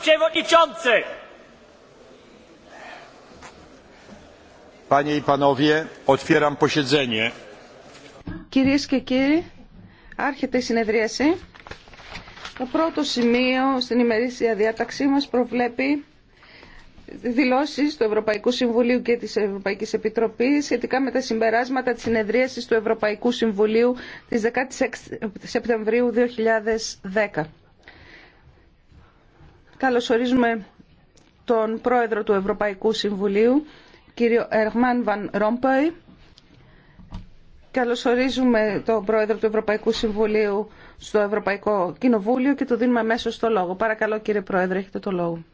przewodniczący! Panie i panowie, otwieram posiedzenie. Κυρίες και κύριοι, άρχεται η συνεδρίαση. Το πρώτο σημείο στην ημερήσια διάταξή μα προβλέπει δηλώσεις του Ευρωπαϊκού Συμβουλίου και της Ευρωπαϊκής Επιτροπής σχετικά με τα συμπεράσματα της συνεδρίασης του Ευρωπαϊκού Συμβουλίου της 16 Σεπτεμβρίου 2010. Καλωσορίζουμε τον πρόεδρο του Ευρωπαϊκού Συμβουλίου, κύριο Εργμάν Βαν Ρόμπεϊ. Καλωσορίζουμε τον πρόεδρο του Ευρωπαϊκού Συμβουλίου στο Ευρωπαϊκό Κοινοβούλιο και το δίνουμε αμέσω το λόγο. Παρακαλώ κύριε πρόεδρε, έχετε το λόγο.